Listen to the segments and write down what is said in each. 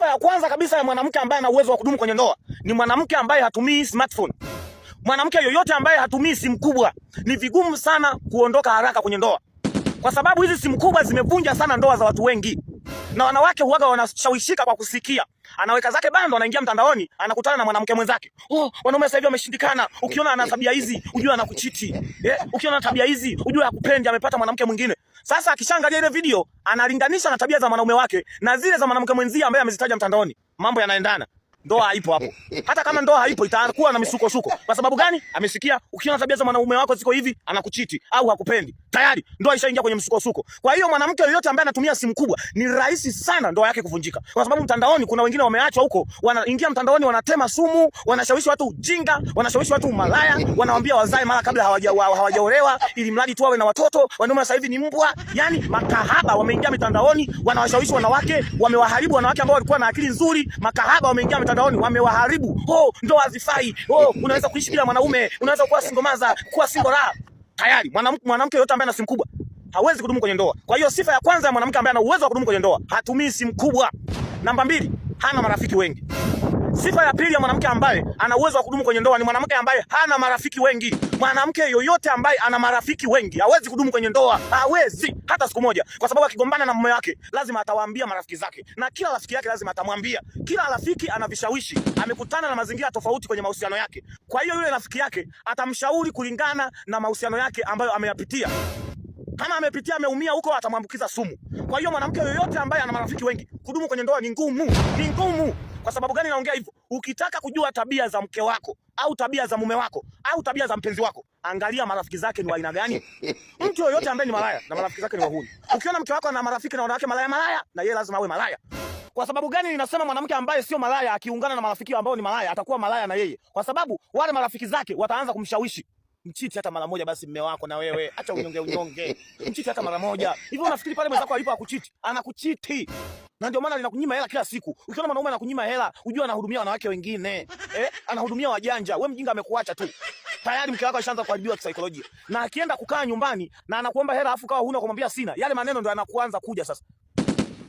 sifa ya kwanza kabisa ya mwanamke ambaye ana uwezo wa kudumu kwenye ndoa ni mwanamke ambaye hatumii smartphone. Mwanamke yoyote ambaye hatumii simu kubwa ni vigumu sana kuondoka haraka kwenye ndoa, kwa sababu hizi simu kubwa zimevunja sana ndoa za watu wengi, na wanawake huaga wanashawishika kwa kusikia. Anaweka zake bando, anaingia mtandaoni, anakutana na mwanamke mwenzake. Oh, wanaume sasa hivi wameshindikana. Ukiona ana tabia hizi, ujue anakuchiti. Eh, ukiona tabia hizi, ujue hakupendi, amepata mwanamke mwingine. Sasa akishaangalia ile video analinganisha na tabia za mwanaume wake na zile za mwanamke mwenzie ambaye amezitaja mtandaoni, mambo yanaendana. Ndoa haipo hapo. Hata kama ndoa haipo itakuwa na misukosuko. Kwa sababu gani? Amesikia ukiona tabia za mwanaume wako ziko hivi, anakuchiti au hakupendi. Tayari ndoa ishaingia kwenye msukosuko. Kwa hiyo mwanamke yoyote ambaye anatumia simu kubwa ni rahisi sana ndoa yake kuvunjika. Kwa sababu mtandaoni kuna wengine wameachwa huko, wanaingia mtandaoni wanatema sumu, wanashawishi watu ujinga, wanashawishi watu umalaya, wanawaambia wazae mara kabla hawajaolewa hawaja ili mradi tu awe na watoto. Wanaume sasa hivi ni mbwa. yani makahaba wameingia mtandaoni, wanawashawishi wanawake, wamewaharibu wanawake ambao walikuwa na akili nzuri. Makahaba wameingia mtandaoni wamewaharibu. Oh, ndoa hazifai. Oh, unaweza kuishi bila mwanaume, unaweza kuwa single mother, kuwa single raha. Tayari mwanamke mwanamke yote ambaye ana simu kubwa hawezi kudumu kwenye ndoa. Kwa hiyo sifa ya kwanza ya mwanamke ambaye ana uwezo wa kudumu kwenye ndoa, hatumii simu kubwa. Namba mbili, hana marafiki wengi. Sifa ya pili ya mwanamke ambaye ana uwezo wa kudumu kwenye ndoa ni mwanamke ambaye hana marafiki wengi. Mwanamke yoyote ambaye ana marafiki wengi hawezi kudumu kwenye ndoa, hawezi hata siku moja, kwa sababu akigombana na mume wake lazima atawaambia marafiki zake, na kila rafiki yake lazima atamwambia. Kila rafiki ana vishawishi, amekutana na mazingira tofauti kwenye mahusiano yake. Kwa hiyo yule rafiki yake atamshauri kulingana na mahusiano yake ambayo ameyapitia kama amepitia ameumia huko, atamwambukiza sumu. Kwa hiyo mwanamke yoyote ambaye ana marafiki wengi, kudumu kwenye ndoa ni ngumu, ni ngumu. Kwa sababu gani naongea hivyo? Ukitaka kujua tabia za mke wako au tabia za mume wako au tabia za mpenzi wako, angalia marafiki zake ni wa aina gani. Mtu yoyote ambaye ni malaya na marafiki zake ni wahuni. Ukiona mke wako ana marafiki na wanawake malaya malaya, na yeye lazima awe malaya. Kwa sababu gani ninasema mwanamke ambaye sio malaya akiungana na marafiki ambao ni malaya atakuwa malaya na yeye? Kwa sababu wale marafiki zake wataanza kumshawishi mchiti hata mara moja basi mme wako na wewe, acha unyonge unyonge, mchiti hata mara moja. Hivyo unafikiri pale mwenzako alipo akuchiti, anakuchiti na ndio maana linakunyima hela kila siku. Ukiona mwanaume anakunyima hela, ujue anahudumia wanawake wengine eh, anahudumia wajanja. Wewe mjinga amekuacha tu tayari, mke wako ashaanza kuharibiwa kisaikolojia, na akienda kukaa nyumbani na anakuomba hela, afu kawa huna kumwambia sina, yale maneno ndio anakuanza kuja sasa.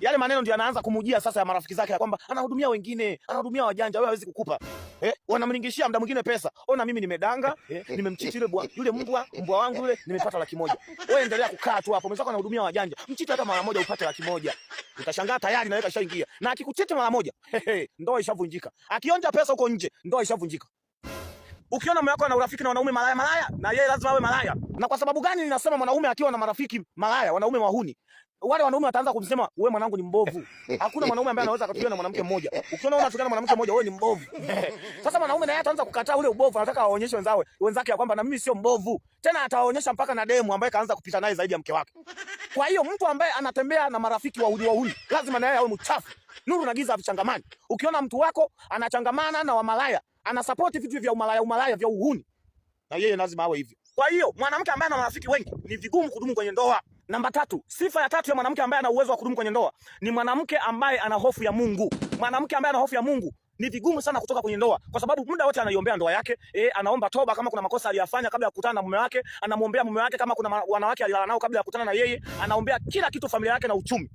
Yale maneno ndio anaanza kumujia sasa ya marafiki zake ya kwamba anahudumia wengine, anahudumia wajanja, wewe hawezi kukupa. Eh, wanamlingishia mda mwingine pesa. Ona mimi nimedanga, eh, nimemchiti yule bwa, yule mbwa, mbwa wangu yule nimepata laki moja. Wewe endelea kukaa tu hapo. Mwenzako anahudumia wajanja. Mchiti hata mara moja upate laki moja. Utashangaa tayari naweka ishaingia. Na akikuchiti mara moja, ndoa ishavunjika. Akionja pesa huko nje, ndoa ishavunjika. Ukiona mume wako ana urafiki na wanaume malaya malaya, na yeye lazima awe malaya. Na kwa sababu gani ninasema mwanaume akiwa na marafiki malaya, wanaume wahuni, wale wanaume wataanza kumsema wewe mwanangu ni mbovu. Hakuna mwanaume ambaye anaweza akatulia na mwanamke mmoja. Ukiona unatukana na mwanamke mmoja, wewe ni mbovu. Sasa mwanaume naye ataanza kukataa ule ubovu, anataka aonyeshe wenzake wenzake ya kwamba na mimi sio mbovu. Tena ataonyesha mpaka na demu ambaye kaanza kupita naye zaidi ya mke wake. Kwa hiyo mtu ambaye anatembea na marafiki wa wahuni wahuni, lazima naye awe mchafu. Nuru na giza havichangamani. Ukiona mtu wako anachangamana na wamalaya anasapoti vitu vya umalaya umalaya vya uhuni, na yeye lazima awe hivyo. Kwa hiyo mwanamke ambaye ana marafiki wengi ni vigumu kudumu kwenye ndoa. Namba tatu, sifa ya tatu ya mwanamke ambaye ana uwezo wa kudumu kwenye ndoa ni mwanamke ambaye ana hofu ya Mungu. Mwanamke ambaye ana hofu ya Mungu ni vigumu sana kutoka kwenye ndoa kwa sababu muda wote anaiombea ndoa yake. E, anaomba toba kama kuna makosa aliyafanya kabla ya kukutana na mume wake, anamwombea mume wake kama kuna wanawake alilala nao kabla ya kukutana na yeye, anaombea kila kitu, familia yake na uchumi.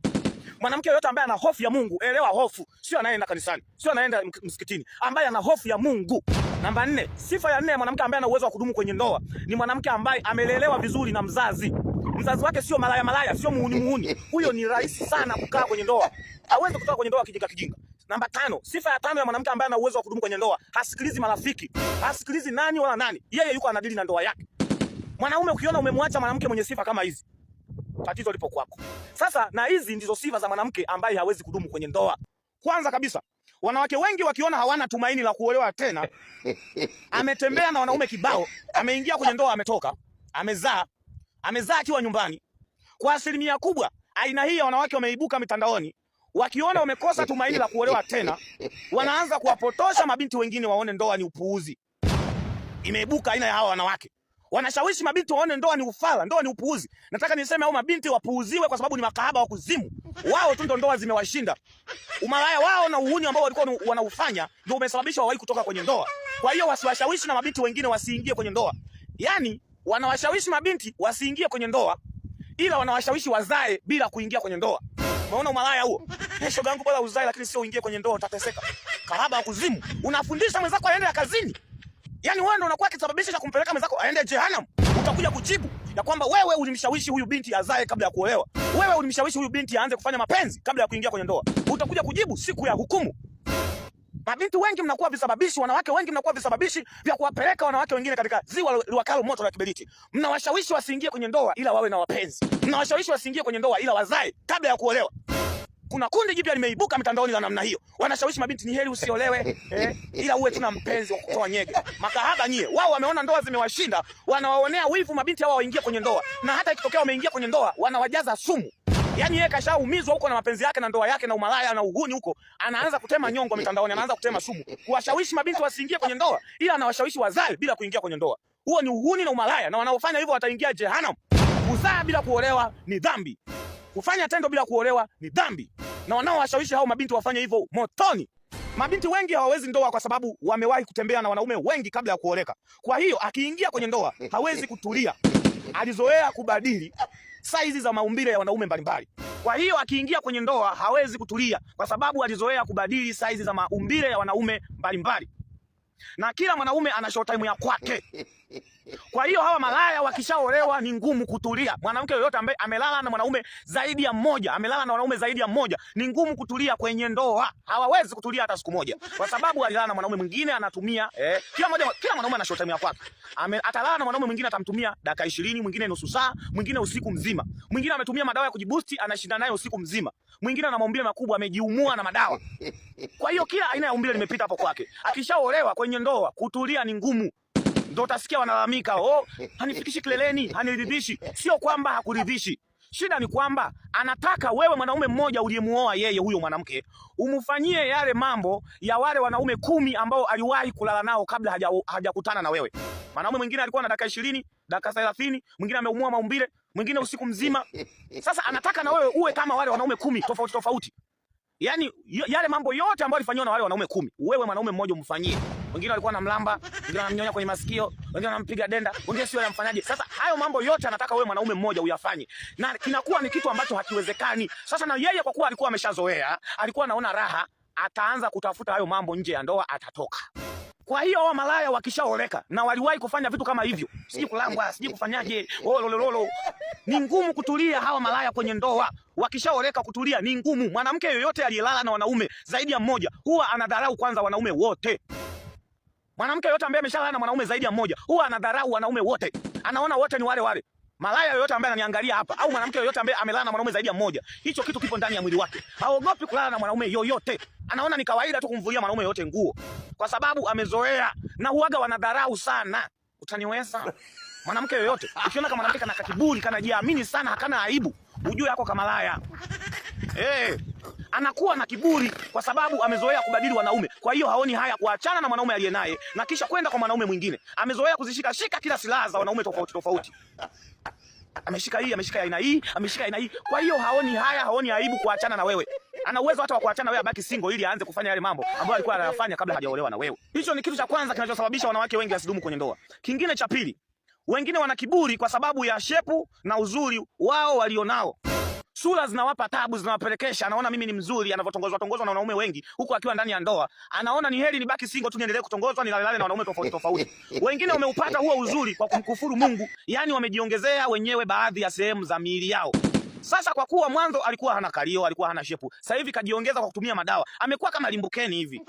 Mwanamke yoyote ambaye ana hofu ya Mungu, elewa hofu sio anayeenda kanisani, sio anayeenda msikitini, ambaye ana hofu ya Mungu. Namba nne, sifa ya nne ya mwanamke ambaye ana uwezo wa kudumu kwenye ndoa ni mwanamke ambaye amelelewa vizuri na mzazi. Mzazi wake sio malaya malaya, sio muuni muuni. Huyo ni rahisi sana kukaa kwenye ndoa, hawezi kutoka kwenye ndoa kijinga kijinga. Namba tano, sifa ya tano ya mwanamke ambaye ana uwezo wa kudumu kwenye ndoa, hasikilizi marafiki, hasikilizi nani wala nani, yeye yuko anadili na ndoa yake. Mwanaume ukiona umemwacha mwanamke mwenye sifa kama hizi, tatizo lipo kwako. Sasa na hizi ndizo sifa za mwanamke ambaye hawezi kudumu kwenye ndoa. Kwanza kabisa, wanawake wengi wakiona hawana tumaini la kuolewa tena, ametembea na wanaume kibao, ameingia kwenye ndoa, ametoka, amezaa, amezaa akiwa nyumbani. Kwa asilimia kubwa aina hii ya wanawake wameibuka mitandaoni, wakiona wamekosa tumaini la kuolewa tena, wanaanza kuwapotosha mabinti wengine waone ndoa ni upuuzi. Imeibuka aina ya hawa wanawake wanashawishi mabinti waone ndoa ni ufala, ndoa ni upuuzi. Nataka niseme au mabinti wapuuziwe, kwa sababu ni makahaba wa kuzimu. Wao tu ndo ndoa zimewashinda. Umalaya wao na uhuni ambao walikuwa wanaufanya ndio umesababisha wawahi kutoka kwenye ndoa. Kwa hiyo wasiwashawishi na mabinti wengine wasiingie kwenye ndoa. Yaani wanawashawishi mabinti wasiingie kwenye ndoa, ila wanawashawishi wazae bila kuingia kwenye ndoa. Unaona umalaya huo? Hey, eh, shoga yangu bora uzae, lakini sio uingie kwenye ndoa, utateseka. Kahaba wa kuzimu, unafundisha mwenzako aende kazini. Yaani wewe ndio unakuwa kisababisho cha kumpeleka mwenzako aende jehanamu. Utakuja kujibu ya kwamba wewe ulimshawishi huyu binti azae kabla ya kuolewa. Wewe ulimshawishi huyu binti aanze kufanya mapenzi kabla ya kuingia kwenye ndoa. Utakuja kujibu siku ya hukumu. Mabinti wengi mnakuwa visababishi, wanawake wengi mnakuwa visababishi vya kuwapeleka wanawake wengine katika ziwa liwakalo moto la kiberiti. Mnawashawishi wasiingie kwenye ndoa ila wawe na wapenzi. Mnawashawishi wasiingie kwenye ndoa ila wazae kabla ya kuolewa kuna kundi jipya limeibuka mitandaoni la namna hiyo, wanashawishi mabinti, ni heri usiolewe eh, ila uwe tuna mpenzi wa kutoa nyege. Makahaba nyie, wao wameona ndoa zimewashinda, wanawaonea wivu mabinti hawa waingie kwenye ndoa, na hata ikitokea wameingia kwenye ndoa wanawajaza sumu. Yaani yeye kashaumizwa huko na mapenzi yake na ndoa yake na umalaya na uhuni huko, anaanza kutema nyongo mitandaoni, anaanza kutema sumu, kuwashawishi mabinti wasiingie kwenye ndoa, ila anawashawishi wazae bila kuingia kwenye ndoa. Huo ni uhuni na umalaya, na wanaofanya hivyo wataingia jehanamu. Kuzaa bila kuolewa ni dhambi. Kufanya tendo bila kuolewa ni dhambi, na wanaowashawishi hao mabinti wafanye hivyo motoni. Mabinti wengi hawawezi ndoa kwa sababu wamewahi kutembea na wanaume wengi kabla ya kuoleka. Kwa hiyo akiingia kwenye ndoa hawezi kutulia, alizoea kubadili saizi za maumbile ya wanaume mbalimbali. Kwa hiyo akiingia kwenye ndoa hawezi kutulia kwa sababu alizoea kubadili saizi za maumbile ya wanaume mbalimbali, na kila mwanaume ana short time ya kwake. Kwa hiyo hawa malaya wakishaolewa ni ngumu kutulia. Mwanamke yoyote ambaye amelala na mwanaume zaidi ya mmoja, amelala na wanaume zaidi ya mmoja, ni ngumu kutulia kwenye ndoa. Hawawezi kutulia hata siku moja, kwa sababu alilala na mwanaume mwingine anatumia eh, kila mmoja, kila mwanaume ana short time ya kwake. Atalala na mwanaume mwingine atamtumia dakika 20, mwingine nusu saa, mwingine usiku mzima, mwingine ametumia madawa ya kujibusti, anashinda naye usiku mzima, mwingine ana maumbile makubwa, amejiumua na madawa. Kwa hiyo kila aina ya umbile limepita hapo kwake. Akishaolewa kwenye ndoa, kutulia ni ngumu ndio utasikia wanalalamika, oh, hanifikishi kileleni, haniridhishi. Sio kwamba hakuridhishi, shida ni kwamba anataka wewe mwanaume mmoja uliyemuoa yeye huyo mwanamke umfanyie yale mambo ya wale wanaume kumi ambao aliwahi kulala nao kabla hajakutana haja na wewe. Mwanaume mwingine alikuwa na dakika ishirini, dakika thelathini mwingine ameumua maumbile, mwingine usiku mzima. Sasa anataka na wewe uwe kama wale wanaume kumi tofauti tofauti. Yaani yale mambo yote ambayo alifanywa na wale wanaume kumi, wewe mwanaume mmoja umfanyie. Wengine walikuwa wanamlamba, wengine wanamnyonya kwenye masikio, wengine wanampiga denda, wengine sio yamfanyaje Sasa hayo mambo yote anataka wewe mwanaume mmoja uyafanye. Na kinakuwa ni kitu ambacho hakiwezekani. Sasa na yeye kwa kuwa alikuwa ameshazoea, alikuwa anaona raha, ataanza kutafuta hayo mambo nje ya ndoa atatoka. Kwa hiyo wa malaya wakishaoleka na waliwahi kufanya vitu kama hivyo, sijui kulangwa, sijui kufanyaje, olololo. Oh, ni ngumu kutulia hawa malaya kwenye ndoa. Wakishaoleka kutulia ni ngumu. Mwanamke yoyote aliyelala na wanaume zaidi ya mmoja huwa anadharau kwanza wanaume wote. Mwanamke yoyote ambaye ameshalala na mwanaume zaidi ya mmoja huwa anadharau wanaume wote, anaona wote ni wale wale. Malaya yoyote ambaye ananiangalia hapa au mwanamke yoyote ambaye amelala na mwanaume zaidi ya mmoja, hicho kitu kipo ndani ya mwili wake. Haogopi kulala na mwanaume yoyote, anaona ni kawaida tu kumvulia mwanaume yoyote nguo, kwa sababu amezoea. Na huaga wanadharau sana, utaniweza mwanamke yoyote. Ukiona kama mwanamke kana kiburi, kanajiamini sana, hakana aibu, ujue yako kamalaya hey, anakuwa na kiburi kwa sababu amezoea kubadili wanaume. Kwa hiyo haoni haya kuachana na mwanaume aliye naye na kisha kwenda kwa mwanaume mwingine. Amezoea kuzishika shika kila silaha za wanaume tofauti tofauti, ameshika hii, ameshika aina hii, ameshika aina hii. Kwa hiyo haoni haya, haoni aibu kuachana na wewe. Ana uwezo hata wa kuachana na wewe, abaki single ili aanze kufanya yale mambo ambayo alikuwa anayafanya kabla hajaolewa na wewe. Hicho ni kitu cha kwanza kinachosababisha wanawake wengi wasidumu kwenye ndoa. Kingine cha pili, wengine wana kiburi kwa sababu ya shepu na uzuri wao walionao sura zinawapa tabu, zinawapelekesha. Anaona mimi ni mzuri, anavyotongozwa tongozwa na wanaume wengi, huku akiwa ndani ya ndoa anaona ni heri nibaki single tu, niendelee kutongozwa, nilalelale na wanaume tofauti tofauti. Wengine wameupata huo uzuri kwa kumkufuru Mungu, yani wamejiongezea wenyewe baadhi ya sehemu za miili yao. Sasa kwa kuwa mwanzo alikuwa hana kalio, alikuwa hana shepu, sasa hivi kajiongeza kwa kutumia madawa, amekuwa kama limbukeni hivi.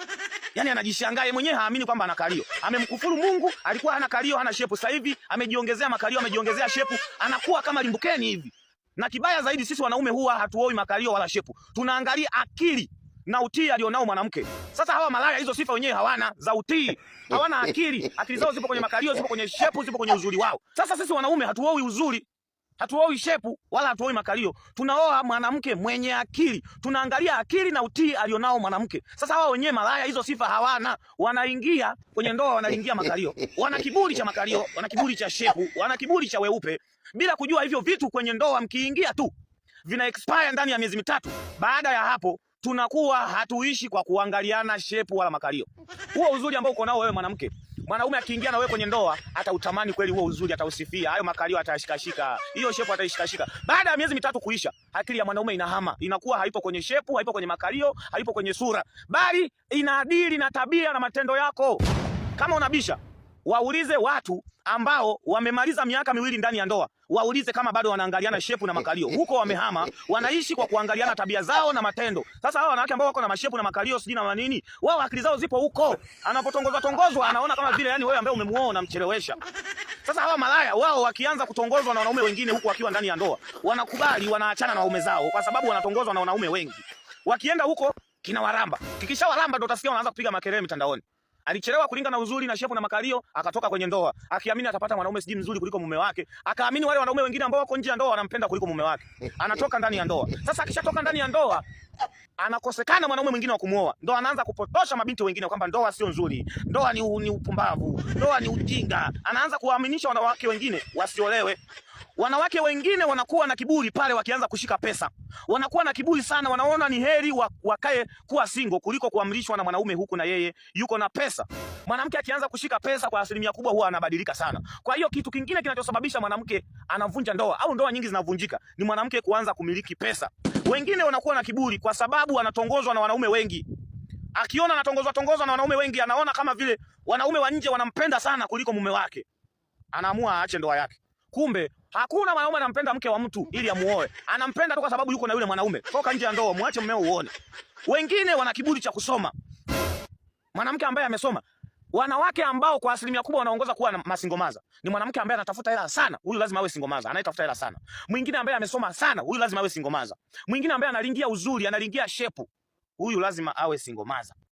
Yaani anajishangaa yeye mwenyewe haamini kwamba ana kalio. Amemkufuru Mungu, alikuwa hana kalio, hana shepu. Sasa hivi amejiongezea makalio, amejiongezea shepu, anakuwa kama limbukeni hivi. Na kibaya zaidi, sisi wanaume huwa hatuoi makalio wala shepu, tunaangalia akili na utii alionao mwanamke. Sasa hawa malaya hizo sifa wenyewe hawana za utii, hawana akili. Akili zao zipo kwenye makalio, zipo kwenye shepu, zipo kwenye uzuri wao. Sasa sisi wanaume hatuoi uzuri, Hatuoi shepu wala hatuoi makalio, tunaoa mwanamke mwenye akili. Tunaangalia akili na utii alionao mwanamke. Sasa wao wenyewe malaya, hizo sifa hawana, wanaingia kwenye ndoa, wanaingia makalio, wana kiburi cha makalio, wana kiburi cha shepu, wana kiburi cha weupe, bila kujua hivyo vitu kwenye ndoa mkiingia tu vina expire ndani ya miezi mitatu. Baada ya hapo tunakuwa hatuishi kwa kuangaliana shepu wala makalio. Huo uzuri ambao uko nao wewe mwanamke Mwanaume akiingia na wewe kwenye ndoa, atautamani kweli huo uzuri, atausifia. Hayo makalio atayashikashika. Hiyo shepu ataishikashika. Baada ya miezi mitatu kuisha, akili ya mwanaume inahama. Inakuwa haipo kwenye shepu, haipo kwenye makalio, haipo kwenye sura, bali inaadili na tabia na matendo yako. Kama unabisha, waulize watu ambao wamemaliza miaka miwili ndani ya ndoa, waulize kama bado wanaangaliana shepu na makalio. Eh, eh, huko eh, wamehama, wanaishi kwa kuangaliana tabia zao na matendo. Sasa hawa wanawake ambao wako na mashepu na makalio sijui na manini, wao akili zao zipo huko, anapotongozwa tongozwa anaona kama vile yani wewe ambaye umemuoa unamchelewesha. Sasa hawa malaya wao wakianza kutongozwa na wanaume wengine huko wakiwa ndani ya ndoa, wanakubali wanaachana na waume zao kwa sababu wanatongozwa na wanaume wengi. Wakienda huko kinawaramba, kikishawaramba ndo utasikia wanaanza kupiga makelele mitandaoni. Alichelewa kulinga na uzuri na shepu na makalio, akatoka kwenye ndoa akiamini atapata mwanaume sijui mzuri kuliko mume wake, akaamini wale wanaume wengine ambao wako nje ya ndoa wanampenda kuliko mume wake. Anatoka ndani ya ndoa. Sasa akishatoka ndani ya ndoa anakosekana mwanaume mwingine wa kumuoa, ndo anaanza kupotosha mabinti wengine kwamba ndoa sio nzuri, ndoa ni, ni upumbavu, ndoa ni ujinga. Anaanza kuwaaminisha wanawake wengine wasiolewe. Wanawake wengine wanakuwa na kiburi pale wakianza kushika pesa, wanakuwa na kiburi sana, wanaona ni heri wakae kuwa single kuliko kuamrishwa na mwanaume huku na yeye yuko na pesa. Mwanamke akianza kushika pesa, kwa asilimia kubwa huwa anabadilika sana. Kwa hiyo kitu kingine kinachosababisha mwanamke anavunja ndoa au ndoa nyingi zinavunjika ni mwanamke kuanza kumiliki pesa. Wengine wanakuwa na kiburi kwa sababu wanatongozwa na wanaume wengi akiona anatongozwa tongozwa na wanaume wengi, anaona kama vile wanaume wa nje wanampenda sana kuliko mume wake, anaamua aache ndoa yake. Kumbe hakuna mwanaume anampenda mke wa mtu ili amuoe, anampenda tu kwa sababu yuko na yule mwanaume. Toka nje ya ndoa, mwache mmeo uone. Wengine wana kiburi cha kusoma, mwanamke ambaye amesoma wanawake ambao kwa asilimia kubwa wanaongoza kuwa na masingomaza ni mwanamke ambaye anatafuta hela sana, huyu lazima awe singomaza. Anayetafuta hela sana, mwingine ambaye amesoma sana, huyu lazima awe singomaza. Mwingine ambaye analingia uzuri, analingia shepu, huyu lazima awe singomaza.